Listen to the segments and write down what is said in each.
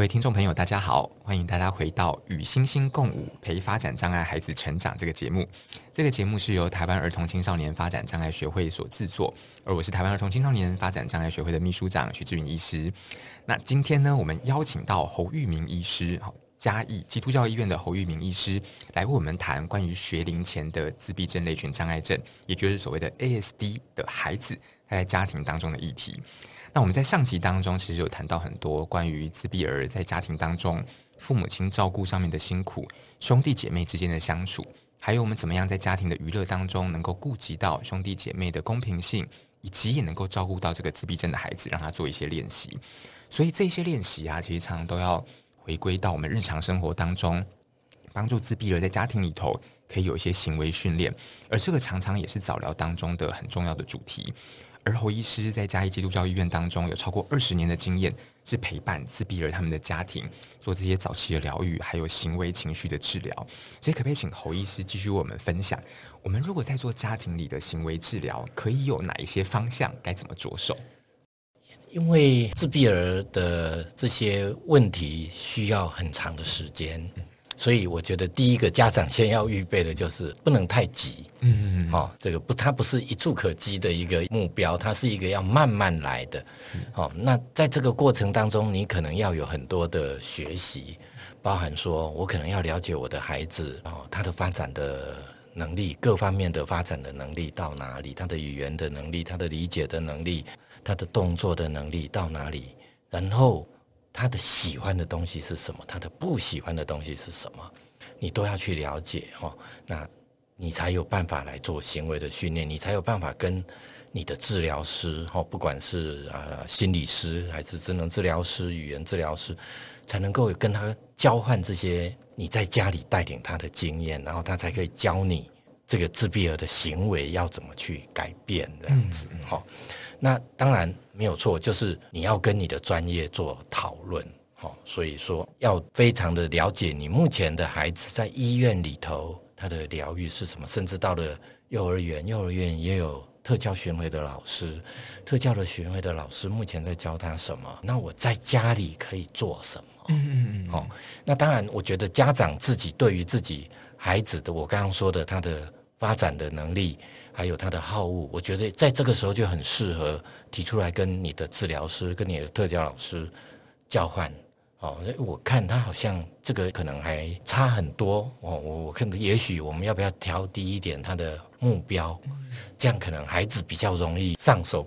各位聽眾朋友，大家好！歡迎大家回到《與星星共舞，陪發展障礙孩子成長》這個節目。這個節目是由台灣兒童青少年發展障礙學會所制作，而我是台灣兒童青少年發展障礙學會的秘書長徐志雲醫師。那今天呢，我們邀請到侯育銘醫師，好嘉義基督教醫院的侯育銘醫師，來為我們談關於學齡前的自閉症類群障礙症，也就是所謂的 ASD 的孩子，他在家庭當中的議題。那我們在上集當中，其實有談到很多關於自閉兒在家庭當中父母親照顧上面的辛苦，兄弟姐妹之間的相處，還有我們怎麼樣在家庭的娛樂當中能夠顧及到兄弟姐妹的公平性，以及也能夠照顧到這個自閉症的孩子，讓他做一些練習。所以這些練習啊，其實常常都要回歸到我們日常生活當中，幫助自閉兒在家庭裡頭可以有一些行為訓練，而這個常常也是早療當中的很重要的主題。而侯醫師在嘉義基督教醫院當中有超過二十年的經驗，是陪伴自閉兒他們的家庭做這些早期的療育，還有行為情緒的治療。所以，可不可以請侯醫師繼續為我們分享？我們如果在做家庭裡的行為治療，可以有哪一些方向？該怎麼着手？因為自閉兒的這些問題需要很長的時間。所以，我覺得第一個家長先要預備的就是不能太急，嗯，嗯，哦，這個不，它不是一蹴可及的一個目標，它是一個要慢慢來的。哦，那在這個過程當中，你可能要有很多的學習，包含說我可能要了解我的孩子哦，他的發展的能力，各方面的發展的能力到哪裡，他的語言的能力，他的理解的能力，他的動作的能力到哪裡，然後。他的喜歡的東西是什麼？他的不喜歡的東西是什麼？你都要去了解哦，那你才有辦法來做行為的訓練，你才有辦法跟你的治療師哦，不管是啊、呃、心理師還是職能治療師、語言治療師，才能夠跟他交換這些你在家裡帶領他的經驗，然後他才可以教你這個自閉兒的行為要怎麼去改變、嗯、這樣子哈。哦那當然沒有錯，就是你要跟你的專業做討論，好，所以說要非常的了解你目前的孩子在醫院裡頭他的療育是什麼，甚至到了幼兒園，幼兒園也有特教巡回的老師，特教的巡回的老師目前在教他什麼？那我在家裡可以做什麼？好，嗯嗯嗯嗯，那當然，我覺得家長自己對於自己孩子的，我剛剛說的他的發展的能力。還有他的好惡，我覺得在這個時候就很適合提出來跟你的治療師、跟你的特教老師交換。哦，我看他好像這個可能還差很多。我、哦、我我看，也許我們要不要調低一點他的目標？這樣可能孩子比較容易上手。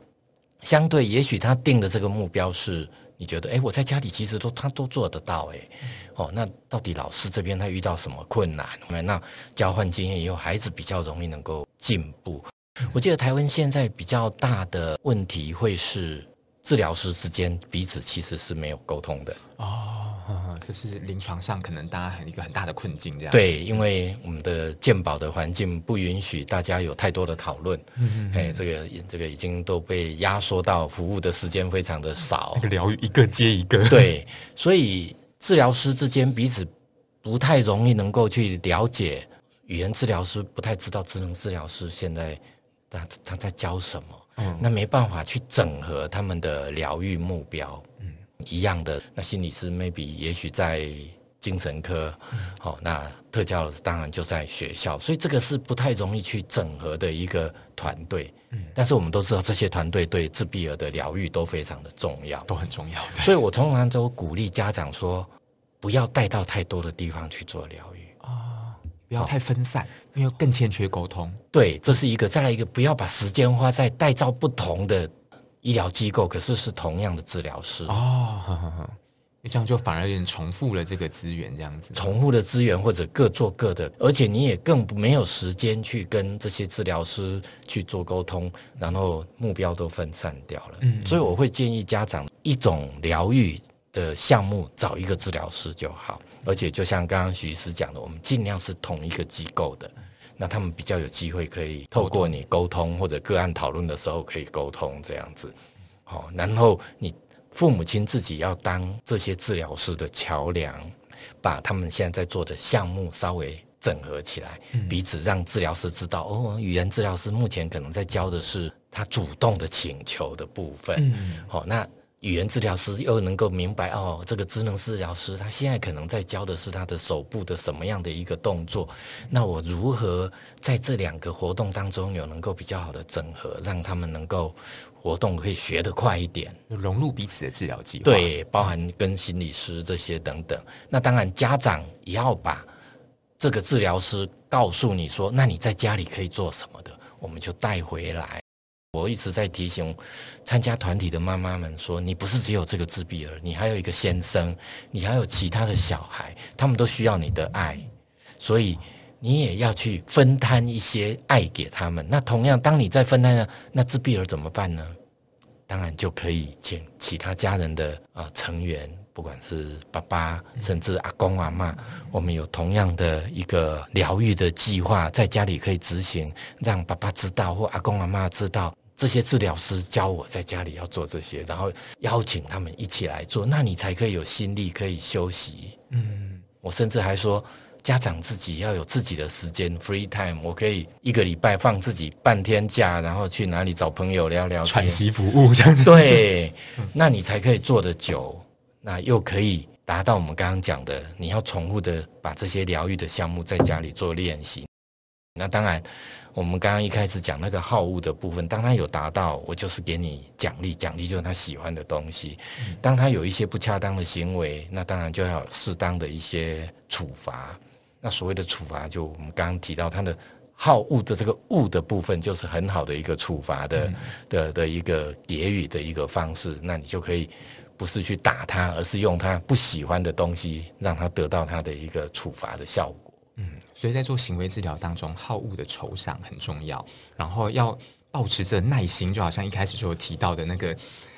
相對，也許他定的這個目標是。你覺得，哎、欸，我在家裡其實都他都做得到，哎、嗯，哦，那到底老師這邊他遇到什麼困難？嗯、那交換經驗以後，孩子比較容易能夠進步、嗯。我記得台灣現在比較大的問題會是治療師之間彼此其實是沒有溝通的哦。哈，這是臨床上可能大家一個很大的困境，這樣對，因為我們的健保的環境不允許大家有太多的討論，嗯嗯，哎，這個這個已經都被壓縮到服務的時間非常的少，那個、療育一個接一個，對，所以治療師之間彼此不太容易能夠去了解，語言治療師不太知道職能治療師現在他他在教什麼，嗯，那沒辦法去整合他們的療育目標，嗯。一樣的，那心理師 maybe 也許在精神科，好、嗯哦、那特教老師當然就在學校，所以這個是不太容易去整合的一個團隊。嗯，但是我們都知道這些團隊對自閉兒的療育都非常的重要，都很重要。對，所以我通常都鼓勵家長說，不要帶到太多的地方去做療育啊，不要太分散，哦、因為更欠缺溝通。對，這是一個。再來一個，不要把時間花在帶到不同的。醫療機構，可是是同樣的治療師哦，好好，你這樣就反而有點重複了這個資源，這樣子重複的資源或者各做各的，而且你也更沒有時間去跟這些治療師去做溝通，然後目標都分散掉了。嗯，所以我會建議家長一種療癒的項目找一個治療師就好，而且就像剛剛許醫師講的，我們尽量是同一個機構的。那他們比較有機會可以透過你溝通，或者個案討論的時候可以溝通這樣子，好。然後你父母親自己要當這些治療師的橋梁，把他們現在在做的項目稍微整合起來，彼此讓治療師知道哦，語言治療師目前可能在教的是他主動的請求的部分，好那。語言治療師又能夠明白哦，這個職能治療師他現在可能在教的是他的手部的什麼樣的一個動作，那我如何在這兩個活動當中有能夠比較好的整合，讓他們能夠活動可以學得快一點，融入彼此的治療計劃，對，包含跟心理師這些等等。那當然家長也要把這個治療師告訴你說，那你在家裡可以做什麼的，我們就帶回來。我一直在提醒參加團體的媽媽們說：“你不是只有這個自閉兒，你還有一個先生，你還有其他的小孩，他們都需要你的愛，所以你也要去分攤一些愛給他們。那同樣，當你在分攤下，那自閉兒怎麼辦呢？當然就可以請其他家人的啊成員，不管是爸爸，甚至阿公阿嬤，我們有同樣的一個療育的計劃，在家裡可以執行，讓爸爸知道或阿公阿嬤知道。”這些治療師教我在家裡要做這些，然後邀請他們一起來做，那你才可以有心力可以休息。嗯，我甚至還說，家長自己要有自己的時間 free time，我可以一個禮拜放自己半天假，然後去哪裡找朋友聊聊天，喘息服務這樣子。 對，那你才可以做得久，那又可以達到我們剛剛講的，你要重複的把這些療癒的項目在家裡做練習。那當然，我們剛剛一開始講那個好惡的部分，當他有達到，我就是給你獎勵，獎勵就是他喜歡的東西。當他有一些不恰當的行為，那當然就要適當的一些處罰。那所謂的處罰，就我們剛剛提到他的好惡的這個惡的部分，就是很好的一個處罰的、嗯、的的一個給予的一個方式。那你就可以不是去打他，而是用他不喜歡的東西，讓他得到他的一個處罰的效果。所以在做行為治療當中，好物的酬賞很重要，然後要保持着耐心，就好像一開始就有提到的那個，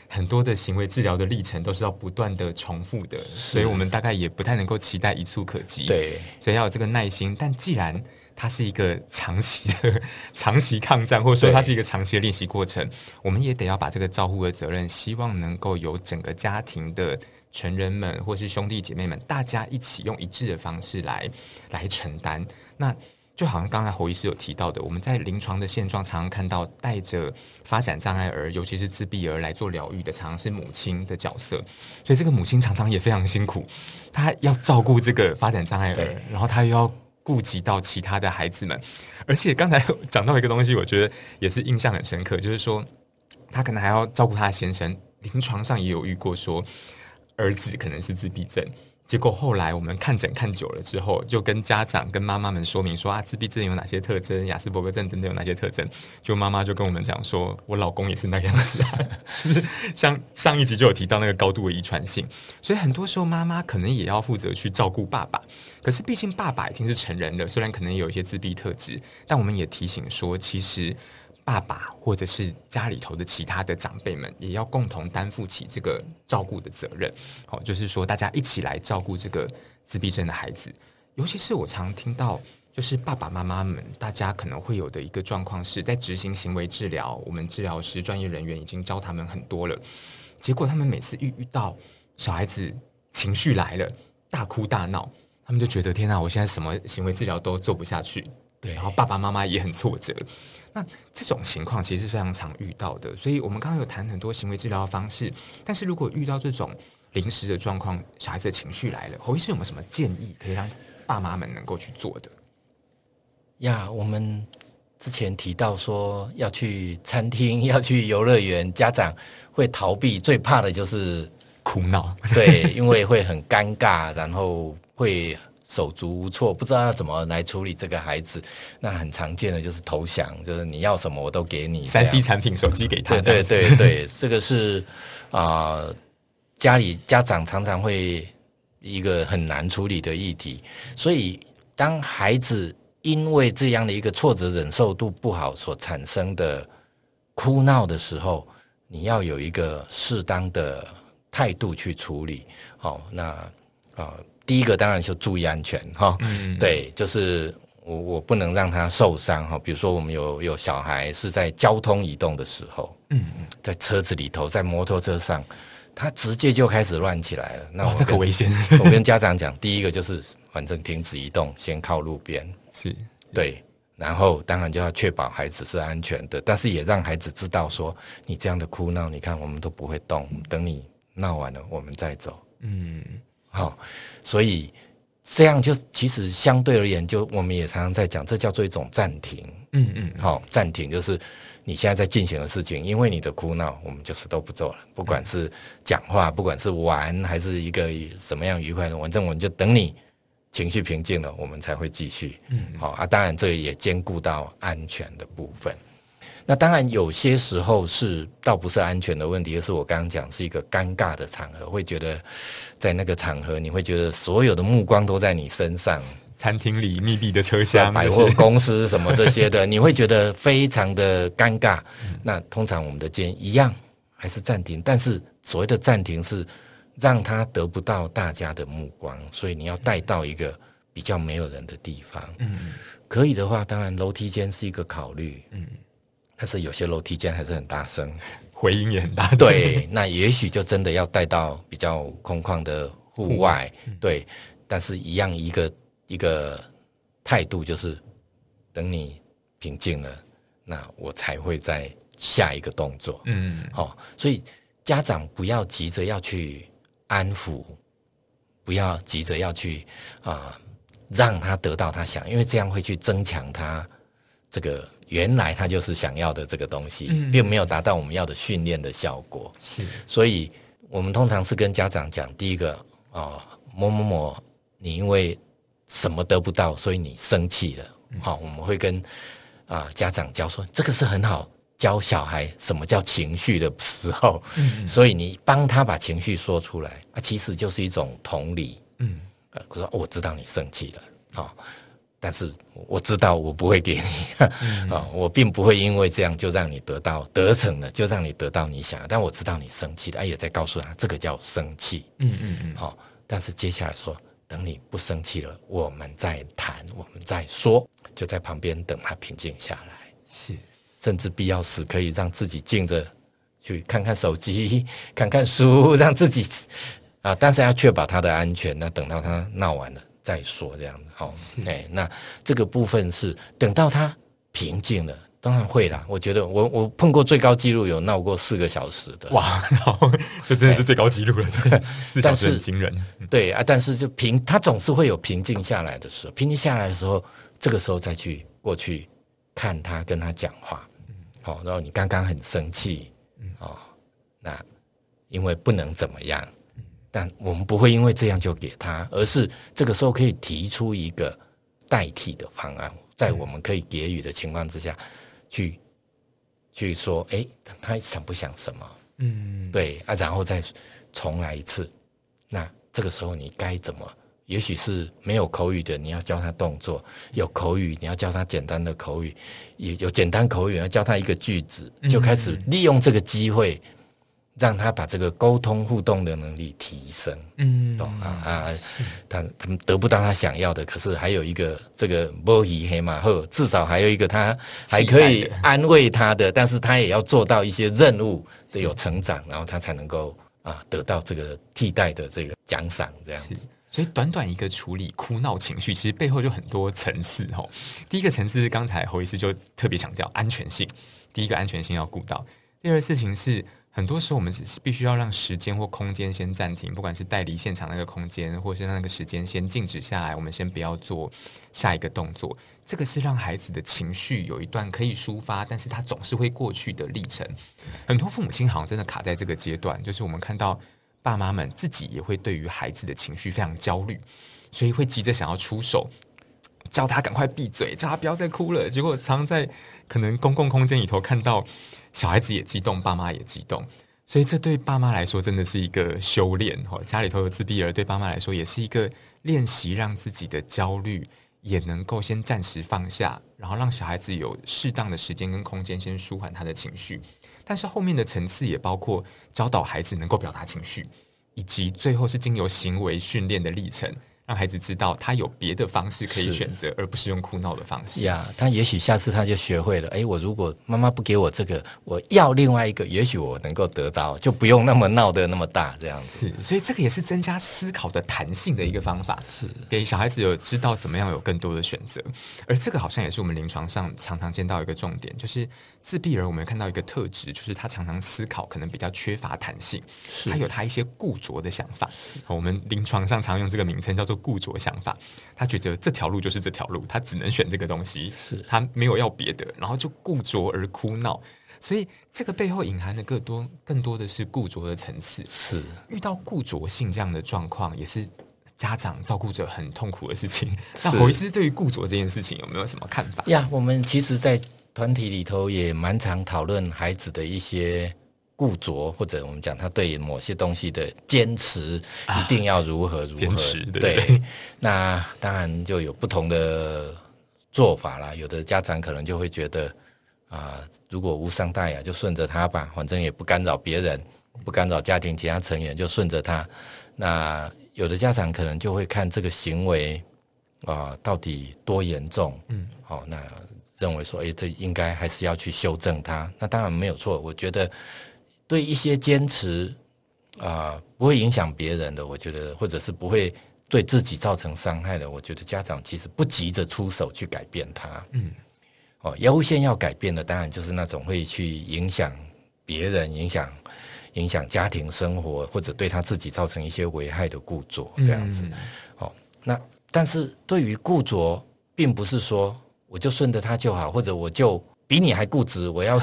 很多的行為治療的歷程都是要不斷的重複的，所以我們大概也不太能夠期待一蹴可及，對，所以要有這個耐心。但既然它是一個長期的長期抗戰，或者說它是一個長期的練習過程，我們也得要把這個照顧的責任，希望能夠由整個家庭的。成人們或是兄弟姐妹們，大家一起用一致的方式來來承擔。那就好像剛才侯醫師有提到的，我們在臨床的現狀常常看到，帶着發展障礙兒，尤其是自閉兒來做療癒的，常常是母親的角色。所以這個母親常常也非常辛苦，她要照顧這個發展障礙兒，然後她又要顧及到其他的孩子們。而且剛才講到一個東西，我覺得也是印象很深刻，就是說她可能還要照顧她的先生。臨床上也有遇過說。兒子可能是自閉症，結果後來我們看診看久了之後，就跟家長跟媽媽們說明說啊，自閉症有哪些特徵，亞斯伯格症等等有哪些特徵。就媽媽就跟我們講說，我老公也是那個樣子啊， 就是像上一集就有提到那個高度的遺傳性，所以很多時候媽媽可能也要負責去照顧爸爸。可是畢竟爸爸已經是成人了，雖然可能有一些自閉特質，但我們也提醒說，其實。爸爸或者是家裡頭的其他的長輩們，也要共同擔負起這個照顧的責任。好，就是說大家一起來照顧這個自閉症的孩子。尤其是我常聽到，就是爸爸媽媽們，大家可能會有的一個狀況是在執行行為治療，我們治療師專業人員已經教他們很多了，結果他們每次遇遇到小孩子情緒來了，大哭大鬧，他們就覺得天哪、啊，我現在什麼行為治療都做不下去。對，然後爸爸媽媽也很挫折。那這種情況其實是非常常遇到的，所以我們剛剛有談很多行為治療的方式，但是如果遇到這種臨時的狀況，小孩子的情緒來了，侯醫師有沒有什麼建議可以讓爸媽們能夠去做的？呀，我們之前提到說要去餐廳、要去遊樂園，家長會逃避，最怕的就是哭鬧，苦 對，因為會很尷尬，然後會。手足無措，不知道要怎麼來處理這個孩子，那很常見的就是投降，就是你要什麼我都給你。三 C 產品、手機給他。嗯、對，對對對，這個是啊、呃，家裡家長常常會一個很難處理的議題。所以，當孩子因為這樣的一個挫折忍受度不好所產生的哭鬧的時候，你要有一個適當的態度去處理。好，那啊。呃第一個當然就注意安全哈、嗯嗯，對，就是我我不能讓他受傷哈。比如說我們有有小孩是在交通移動的時候，嗯，在車子裡頭，在摩托車上，他直接就開始亂起來了。那我、哦那個、危險！ 我跟家長講，第一個就是反正停止移動，先靠路邊。是對，然後當然就要確保孩子是安全的，但是也讓孩子知道說，你這樣的哭鬧，你看我們都不會動，嗯、等你鬧完了，我們再走。嗯。好、哦，所以這樣就其實相對而言，就我們也常常在講，這叫做一種暫停。嗯嗯、哦，好，暫停就是你現在在進行的事情，因為你的哭鬧，我們就是都不做了，不管是講話，不管是玩，還是一個什麼樣愉快的，反正我們就等你情緒平靜了，我們才會繼續。嗯、哦，好啊，當然這也兼顧到安全的部分。那當然，有些時候是倒不是安全的問題，而、就是我剛剛講是一個尷尬的場合，會覺得在那個場合你會覺得所有的目光都在你身上。餐廳裡、密閉的車廂、就是、百貨公司什麼這些的， 你會覺得非常的尷尬。嗯、那通常我們的建議一樣還是暫停，但是所謂的暫停是讓他得不到大家的目光，所以你要帶到一個比較沒有人的地方。嗯，可以的話，當然樓梯間是一個考慮。嗯。但是有些樓梯間還是很大聲，回音也很大。對，那也許就真的要帶到比較空曠的戶外。嗯、對，但是一樣一個一個態度就是，等你平靜了，那我才會再下一個動作。嗯，哦，所以家長不要急着要去安撫，不要急着要去啊、呃、讓他得到他想，因為這樣會去增強他這個。原來他就是想要的這個東西、嗯，並沒有達到我們要的訓練的效果。是，所以我們通常是跟家長講：第一個啊、呃，某某某，你因為什麼得不到，所以你生氣了。好、嗯哦，我們會跟啊、呃、家長教說，這個是很好教小孩什麼叫情緒的時候、嗯。所以你幫他把情緒說出來，啊，其實就是一種同理。嗯。可、呃、我、哦、我知道你生氣了，哦。但是我知道我不會給你啊、嗯嗯哦，我並不會因為這樣就讓你得到得逞了，就讓你得到你想要。但我知道你生氣了，也在告訴他這個叫生氣。嗯嗯嗯。好、哦，但是接下來說，等你不生氣了，我們再談，我們再說，就在旁邊等他平靜下來。是，甚至必要時可以讓自己靜着，去看看手機，看看書，讓自己啊，但是要確保他的安全。那等到他鬧完了。再說這樣子好、哦欸，那這個部分是等到他平靜了，當然會啦。我覺得我我碰過最高紀錄有鬧過四個小時的，哇呵呵，這真的是最高紀錄了，對、欸，四小時很驚人。嗯、對啊，但是就平，他總是會有平靜下來的時候，平靜下來的時候，這個時候再去過去看他跟他講話，好、哦，然後你剛剛很生氣，哦，那因為不能怎麼樣。但我們不會因為這樣就給他，而是這個時候可以提出一個代替的方案，在我們可以給予的情況之下，嗯、去去說，哎、欸，他想不想什麼？嗯，嗯，對啊，然後再重來一次。那這個時候你該怎麼？也許是沒有口語的，你要教他動作；有口語，你要教他簡單的口語，也有簡單口語，要教他一個句子，就開始利用這個機會。嗯嗯嗯嗯讓他把這個溝通互動的能力提升，懂、嗯、啊？啊，他他們得不到他想要的，可是還有一個這個波伊黑馬赫，至少還有一個他還可以安慰他的，的他的，但是他也要做到一些任務，得有成長，然後他才能夠啊得到這個替代的這個獎賞。這樣子，所以短短一個處理哭鬧情緒，其實背後就很多層次哦。第一個層次是剛才侯醫師就特別強調安全性，第一個安全性要顧到，第二個事情是。很多時候，我們只是必須要讓時間或空間先暫停，不管是帶離現場那個空間，或是讓那個時間先靜止下來，我們先不要做下一個動作。這個是讓孩子的情緒有一段可以抒發，但是他總是會過去的歷程。嗯。很多父母親好像真的卡在這個階段，就是我們看到爸媽們自己也會對於孩子的情緒非常焦慮，所以會急着想要出手，叫他趕快閉嘴，叫他不要再哭了。結果常在可能公共空間裡頭看到。小孩子也激動，爸媽也激動，所以這對爸媽來說真的是一個修煉哦。家裡頭有自閉兒，對爸媽來說也是一個練習，讓自己的焦慮也能夠先暫時放下，然後讓小孩子有適當的時間跟空間先舒緩他的情緒。但是後面的層次也包括教導孩子能夠表達情緒，以及最後是經由行為訓練的歷程。讓孩子知道他有別的方式可以選擇，而不是用哭鬧的方式。呀、yeah，他也許下次他就學會了。哎、欸，我如果媽媽不給我這個，我要另外一個，也許我能夠得到，就不用那麼鬧得那麼大這樣子。所以這個也是增加思考的彈性的一個方法。嗯、是，給小孩子有知道怎麼樣有更多的選擇，而這個好像也是我們臨床上常常見到一個重點，就是。自閉兒，我們看到一個特質，就是他常常思考，可能比較缺乏彈性，他有他一些固着的想法。我們臨床上常用這個名稱叫做固着想法。他覺得這條路就是這條路，他只能選這個東西，是他沒有要別的，然後就固着而哭鬧。所以這個背後隱含的更多更多的是固着的層次。是遇到固着性這樣的狀況，也是家長照顧者很痛苦的事情。那侯醫師對於固着這件事情有沒有什麼看法呀？Yeah, 我們其實在，在團體裡頭也蠻常討論孩子的一些固着，或者我們講他對某些東西的堅持，一定要如何如何、啊堅持對。對，那當然就有不同的做法啦。有的家長可能就會覺得啊、呃，如果無傷大雅就順着他吧，反正也不干擾別人，不干擾家庭其他成員，就順着他。那有的家長可能就會看這個行為啊、呃，到底多嚴重？嗯，好、哦、那。認為說，哎、欸，這應該還是要去修正它。那當然沒有錯。我覺得對一些堅持啊、呃，不會影響別人的，我覺得或者是不會對自己造成傷害的，我覺得家長其實不急着出手去改變它。嗯，哦，優先要改變的，當然就是那種會去影響別人、影響影響家庭生活，或者對他自己造成一些危害的固著這樣子。嗯嗯哦，那但是對於固著，並不是說。我就順着他就好，或者我就比你還固執，我要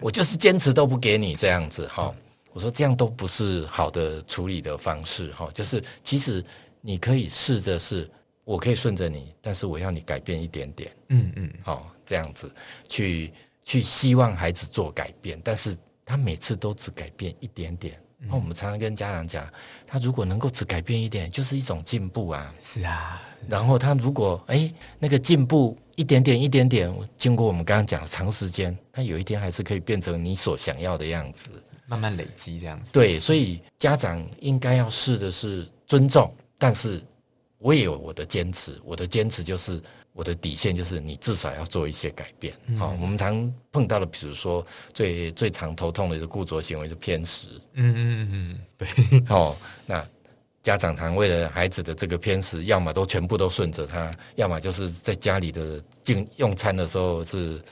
我就是堅持都不給你這樣子哈。 我說這樣都不是好的處理的方式哈，就是其實你可以試着是，我可以順着你，但是我要你改變一點點，嗯嗯，好這樣子去去希望孩子做改變，但是他每次都只改變一點點。那、嗯、我們常常跟家長講，他如果能夠只改變一點，就是一種進步啊，啊。是啊，然後他如果哎、欸、那個進步。一點點，一點點，經過我們剛剛講的長時間，他有一天還是可以變成你所想要的樣子，慢慢累積這樣子。對，所以家長應該要試的是尊重、嗯，但是我也有我的堅持，我的堅持就是我的底線，就是你至少要做一些改變。好、嗯，我們常碰到的，比如說最最常頭痛的一個固着行為，就是、偏食。嗯嗯嗯，嗯，對 哦，那。家長常為了孩子的這個偏食，要麼都全部都順着他，要麼就是在家裡的進用餐的時候是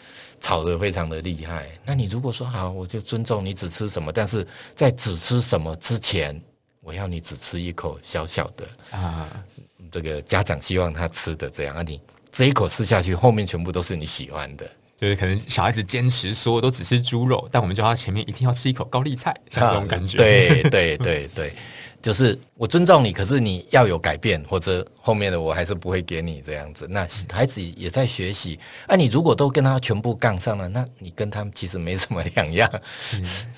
吵得非常的厲害。那你如果說好，我就尊重你只吃什麼，但是在只吃什麼之前，我要你只吃一口小小的啊，這個家長希望他吃的這樣啊，你這一口吃下去，後面全部都是你喜歡的，就是可能小孩子堅持說都只吃豬肉，但我們叫他前面一定要吃一口高麗菜，像、啊、這種感覺。對對對對。對對 就是我尊重你，可是你要有改變，或者後面的我還是不會給你這樣子。那孩子也在學習，那、啊、你如果都跟他全部槓上了，那你跟他們其實沒什麼兩樣。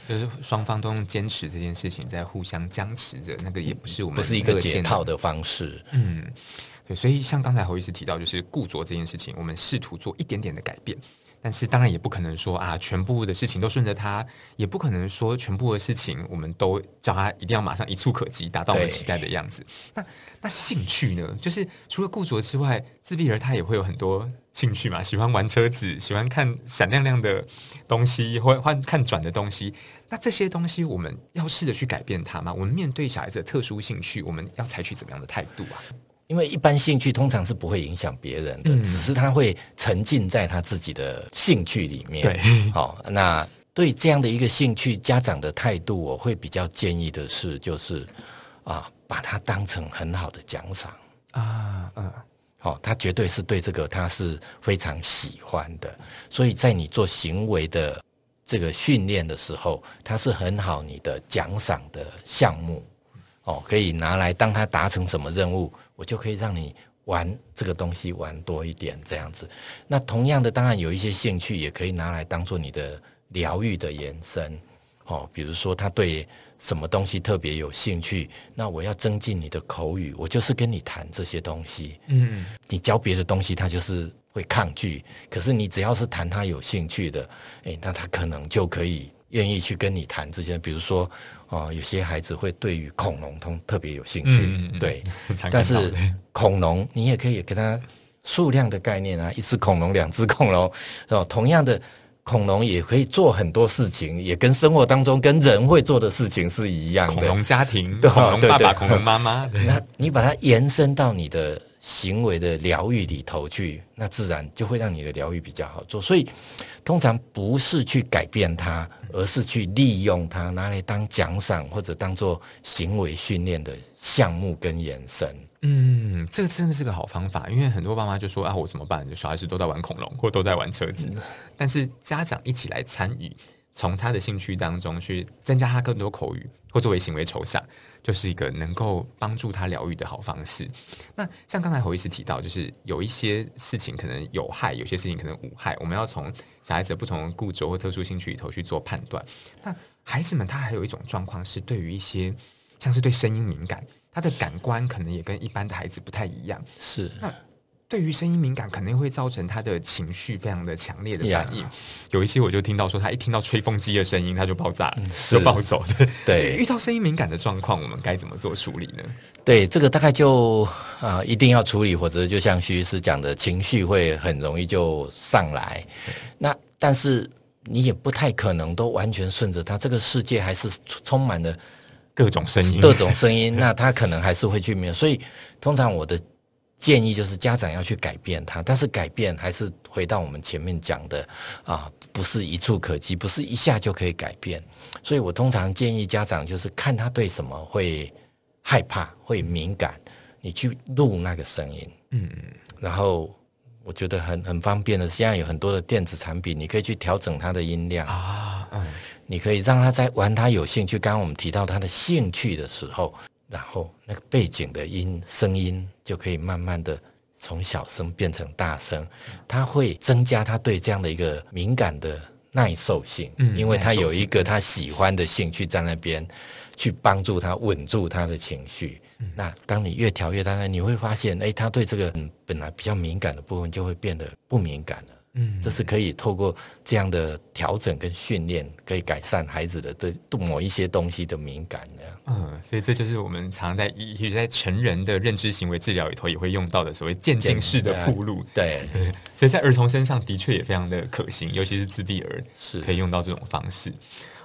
就是雙方都用堅持這件事情，在互相僵持着，那個也不是我們的，不是一個解套的方式。嗯，對，所以像剛才侯醫師提到，就是固着這件事情，我們試圖做一點點的改變。但是當然也不可能說啊，全部的事情都順着他，也不可能說全部的事情我們都叫他一定要馬上一觸可及，達到我們期待的樣子。那那興趣呢？就是除了固着之外，自閉兒他也會有很多興趣嘛，喜歡玩車子，喜歡看閃亮亮的東西，或換看轉的東西。那這些東西我們要試着去改變它嗎？我們面對小孩子的特殊興趣，我們要採取怎麼樣的態度啊？因為一般興趣通常是不會影響別人的，嗯，只是他會沉浸在他自己的興趣裡面。對，好，哦，那對這樣的一個興趣，家長的態度，我會比較建議的是，就是啊，把它當成很好的獎賞啊，嗯，啊，好，哦，他絕對是對這個他是非常喜歡的，所以在你做行為的這個訓練的時候，它是很好你的獎賞的項目，哦，可以拿來當他達成什麼任務。我就可以讓你玩這個東西玩多一點這樣子。那同樣的，當然有一些興趣也可以拿來當做你的療育的延伸哦。比如說，他對什麼東西特別有興趣，那我要增進你的口語，我就是跟你談這些東西。嗯，你教別的東西，他就是會抗拒。可是你只要是談他有興趣的，哎、欸，那他可能就可以。願意去跟你談這些，比如說，哦，有些孩子會對於恐龍通特別有興趣，嗯嗯嗯對。但是恐龍，你也可以給他數量的概念啊，一隻恐龍，兩隻恐龍，哦，同樣的恐龍也可以做很多事情，也跟生活當中跟人會做的事情是一樣的。恐龍家庭，對哦、恐龍爸爸，對對對恐龍媽媽，那你把它延伸到你的。行為的療育裡頭去，那自然就會讓你的療育比較好做。所以，通常不是去改變它，而是去利用它拿來當獎賞，或者當做行為訓練的項目跟延伸。嗯，這個真的是個好方法，因為很多爸媽就說啊，我怎麼辦？小孩子都在玩恐龍，或都在玩車子，嗯，但是家長一起來參與。從他的興趣當中去增加他更多口語，或作為行為酬賞，就是一個能夠幫助他療育的好方式。那像剛才侯醫師提到，就是有一些事情可能有害，有些事情可能無害，我們要從小孩子的不同的固著或特殊興趣裡頭去做判斷。那孩子們他還有一種狀況是，對於一些像是對聲音敏感，他的感官可能也跟一般的孩子不太一樣。是那。對於聲音敏感，肯定會造成他的情緒非常的強烈的反應。Yeah. 有一些我就聽到說，他一聽到吹風機的聲音，他就爆炸了，是就暴走的。對，遇到聲音敏感的狀況，我們該怎麼做處理呢？對，這個大概就啊、呃，一定要處理，或者就像徐醫師講的，情緒會很容易就上來。Yeah. 那但是你也不太可能都完全順着他，這個世界還是充滿了各種聲音，各種聲音。 那他可能還是會去面對。所以通常我的。建議就是家長要去改變他，但是改變還是回到我們前面講的啊，不是一蹴可幾，不是一下就可以改變。所以我通常建議家長就是看他對什麼會害怕、嗯、會敏感，你去錄那個聲音，嗯，然後我覺得很很方便的。現在有很多的電子產品，你可以去調整它的音量啊、哦，嗯，你可以讓他在玩他有興趣。剛剛我們提到他的興趣的時候，然後那個背景的音聲音就可以慢慢的從小聲變成大聲，他、嗯、會增加他對這樣的一個敏感的耐受性，嗯、因為他有一個他喜歡的興趣在那邊去幫助他、嗯、穩住他的情緒、嗯。那當你越調越大呢，你會發現，哎，他對這個本來比較敏感的部分就會變得不敏感了。嗯，這是可以透過這樣的調整跟訓練，可以改善孩子的對某一些東西的敏感的嗯，所以這就是我們常在在成人的認知行為治療裡頭也會用到的所謂漸進式的暴露、嗯嗯。對，所以在兒童身上的確也非常的可行，尤其是自閉兒是可以用到這種方式。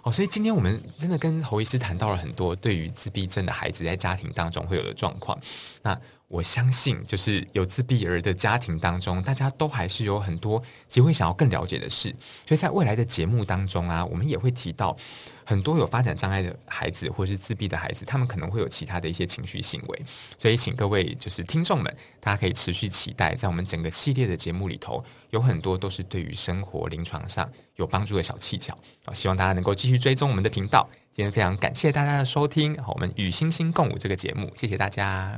哦，所以今天我們真的跟侯醫師談到了很多對於自閉症的孩子在家庭當中會有的狀況。那我相信，就是有自閉兒的家庭當中，大家都還是有很多機會想要更了解的事。所以在未來的節目當中啊，我們也會提到很多有發展障礙的孩子，或是自閉的孩子，他們可能會有其他的一些情緒行為。所以，請各位就是聽眾們，大家可以持續期待，在我們整個系列的節目裡頭，有很多都是對於生活臨床上有幫助的小技巧啊，希望大家能夠繼續追蹤我們的頻道。今天非常感謝大家的收聽，好，我們與星星共舞這個節目，謝謝大家。